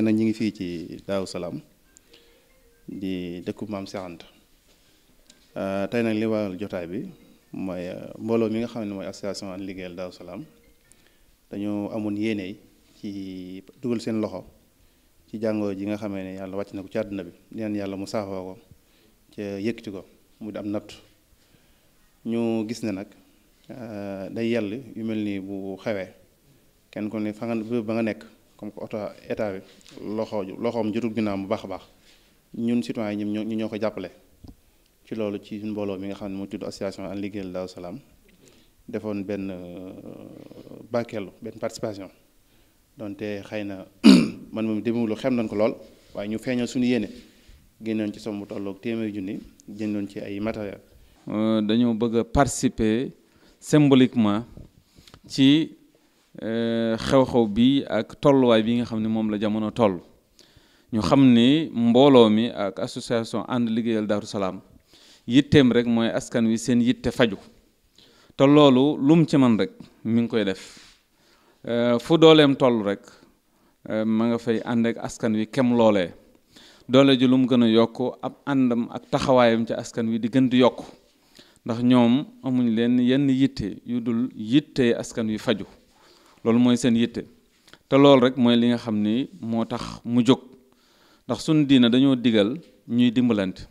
fekkee na ñu ngi fii ci Daaru Salaam di dëkku maam Seex Anta euh, tey nag li waral jotaay bi mooy euh, mbooloo mi nga xam ne mooy association And Liggéeyal Daaru Salaam dañoo amoon yéene ci dugal seen loxo ci jàngoor ji nga xamee ne yàlla wàcc na ko ci àdduna bi neen yàlla mu saafoo ko ca yëkkati ko mu di am natt ñu gis ne nag euh, day yàlla yu mel ni bu xewee kenn ku ba nga nekk comme que oto état bi loxo loxoom jotul ginnaaw bu baax a baax ñun citoyen ñi ñoo ñoo ko jàppale ci loolu ci mbooloo mi nga xam ne moo tudd association an liggéeyal Daaru Salaam defoon benn euh, bàkkeelu benn participation donte xëy na man moom demewulu xem nañ ko lool waaye ñu feeñal suñu yéene génnoon ci somb tollook téeméeri junni jëndoon ci ay matériel euh, dañoo bëgg a participer symboliquement ci Euh, xew-xew bi ak tolluwaay bi nga xam ni moom la jamono toll ñu xam ni mbooloo mi ak association ànd liggéeyal Daaru Salaam yitteem rek mooy askan wi seen yitte faju te loolu lum ci man rek mu ngi koy def euh, fu dooleem toll rek euh, ma nga fay ànd ak askan wi kem loole doole ji lu mu gën a yokk ab àndam ak taxawaayam ci askan wi di gën di yokk ndax ñoom amuñ leen yenn yitte yu dul yitte askan wi faju loolu mooy seen yitte te loolu rek mooy li nga xam ni moo tax mu jóg ndax sunu diina dañoo diggal ñuy dimbalante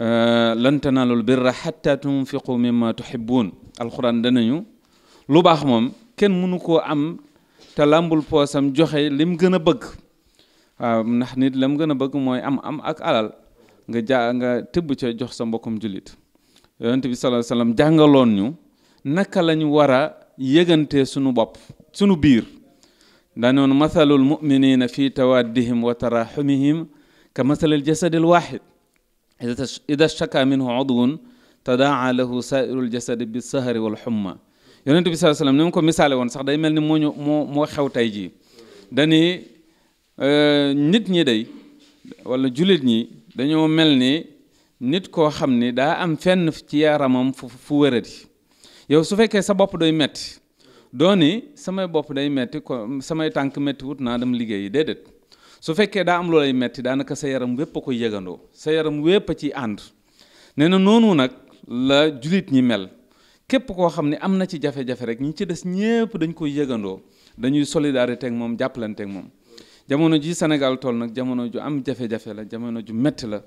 euh, lan tanaalul birra xatta tunfiqu mimma tuhibbun alxuraan danañu lu baax moom kenn mënu koo am te làmbul poosam joxe lim gën a bëgg waaw ndax nit lam gën a bëgg mooy am am ak alal nga ja nga tëbb ca jox sa mbokkum jullit yonent bi sallallahu alayhi jàngaloon ñu naka lañu wara yëgante sunu bopp sunu biir ndaa noonu mathalul muminina fi tawaddihim wa taraxumihim ka mathalil jasadil waxid ida shaka minhu udwun tadaa lahu sairul jasadi bi sahari wal xumma yonente bi ko misaale woon sax day mel ni moo ñu moo moo tey jii dani euh, nit ñi day wala julit ñi dañoo mel ni nit koo xam ni daa am fenn ci yaramam fu fu yow su fekkee sa bopp doy metti doo ni samay bopp day metti ko samay tànk metti wut naa dem liggéeyi déedéet su fekkee daa am loolay metti daanaka sa yaram wépp a koy yëgandoo sa yaram wépp a ci ànd nee na noonu nag la julit ñi mel képp koo xam ne am na ci jafe-jafe rek ñi ci des ñépp dañ koy yëgandoo dañuy solidarité ak moom jàppalante ak moom jamono ji Sénégal toll nag jamono ju am jafe-jafe la jamono ju metti la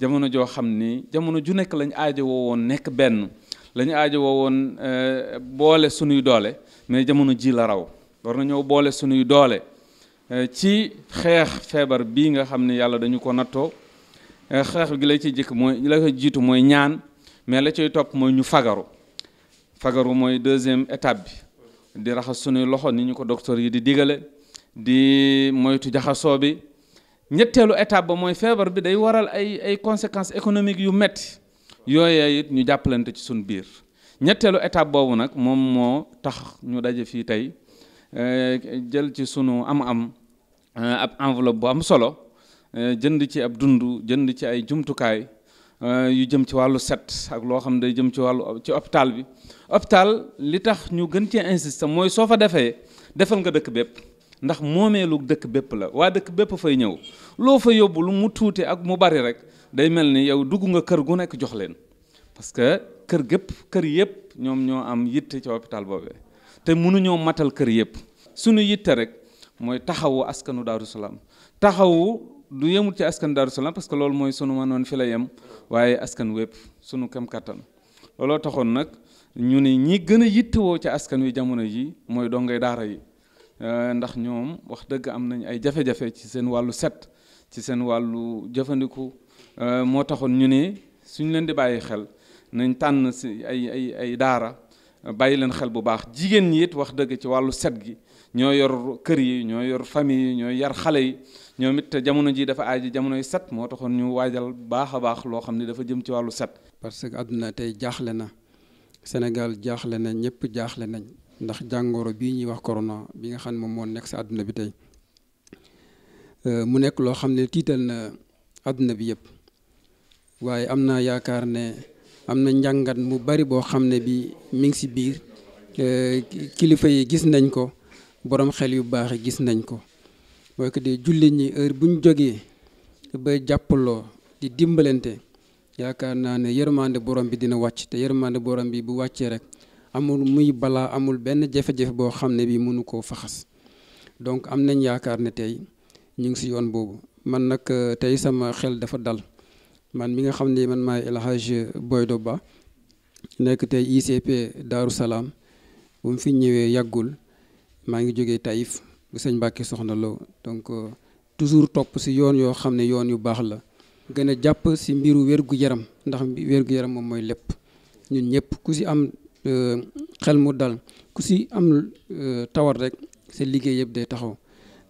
jamono joo xam ni jamono ju nekk lañ aajo woon nekk benn lañu ñu aajo woo woon euh, boole sunuy doole mais jamono jii la raw war na ñëw boole sunuy doole euh, ci xeex feebar bii nga xam ne yàlla dañu ko nattoo euh, xeex bi la ci jëkk mooy la ko jiitu mooy ñaan mais la ciy topp mooy ñu fagaru fagaru mooy deuxième étape bi di raxas sunuy loxo ni ñu ko docteur yi di digale di moytu jaxasoo bi ñetteelu étape ba mooy feebar bi day waral ay ay conséquences économiques yu metti yooyee it ñu jàppalante ci suñ biir ñetteelu étape boobu nag moom moo tax ñu daje fii tey eh, jël ci sunu am-am eh, ab enveloppe bu am solo eh, jënd ci ab dund jënd ci ay jumtukaay yu jëm ci wàllu set ak loo xam day jëm ci wàllu ci hôpital bi hôpital li tax ñu gën cee insisté mooy soo fa defee defal nga dëkk bépp ndax moomeelu dëkk bépp la waa dëkk bépp fay ñëw loo fa yóbbu mu tuuti ak mu bari rek day mel ni yow dugg nga kër gu nekk jox leen parce que kër gépp kër yëpp ñoom ñoo am yitte ci hôpital boobee te mënuñoo matal kër yëpp suñu yitte rek mooy taxawu askanu Daaru Salaam taxawu du yemul ci askan Daaru Salaam parce que loolu mooy sunu manoon fi la yem waaye askan wépp sunu kem kattan looloo taxoon nag ñu ne ñi gën a yittewoo ci askan wi jamono ji mooy dongay daara yi ndax ñoom wax dëgg am nañ ay jafe-jafe ci seen wàllu set ci seen wàllu jëfandiku euh, moo taxoon ñu ne suñ leen di bàyyi xel nañ tànn si ay ay ay daara bàyyi leen xel bu baax jigéen ñi wax dëgg ci wàllu set gi ñoo yor kër yi ñoo yor fami yi ñoo yar xale yi ñoom it jamono ji dafa jamono jamonoy set moo taxoon ñu waajal baax a baax loo xam ne dafa jëm ci wàllu set. parce que àdduna tey jaaxle na Sénégal jaaxle na ñëpp jaaxle nañ ndax jàngoro bii ñuy wax corona bi nga xam ne moom moo nekk si àdduna bi tey. Euh, mu nekk loo xam ne tiital na àdduna bi yëpp waaye am naa yaakaar ne am na njàngat mu bari boo xam ne bi mi ngi si biir euh, kilifa yi gis nañ ko boroom xel yu baax yi gis nañ ko mooy que di jullit ñi heure bu ñu jógee ba jàppaloo di dimbalante yaakaar naa ne yërmande borom bi dina wàcc te yërmande borom bi bu wàccee rek amul muy balaa amul benn jafe-jafe boo xam ne bi mënu koo faxas donc am nañ yaakaar ne tey ñu ngi si yoon boobu man nag euh, tey sama xel dafa dal man mi nga xam ne man maay El Boydo Ba nekk tey ICP Daaru Salaam bu mu fi ñëwee yàggul maa ngi jógee Taïf bu sëñ Mbàkke Soxna Lo donc euh, toujours topp si yoon yoo xam ne yoon yu baax la gën a jàpp si mbiru wérgu yaram ndax gu yaram moom mooy lépp ñun ñëpp ku si am euh, xel mu dal ku si am tawar rek sa liggéey yëpp day taxaw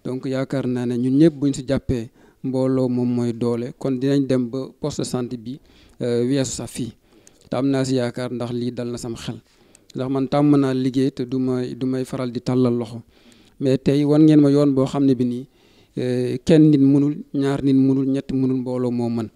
donc yaakaar naa ne ñun ñëpp ñu si jàppee mbooloo moom mooy doole kon dinañ dem ba post de santé bi euh, wees sax fii te am naa si yaakaar ndax lii dal na sama xel ndax man tàmm naa liggéey te du may du may faral di tàllal loxo mais tey wan ngeen ma yoon boo xam ne bi nii euh, kenn nit mënul ñaar nit mënul ñett mënul mbooloo moo mën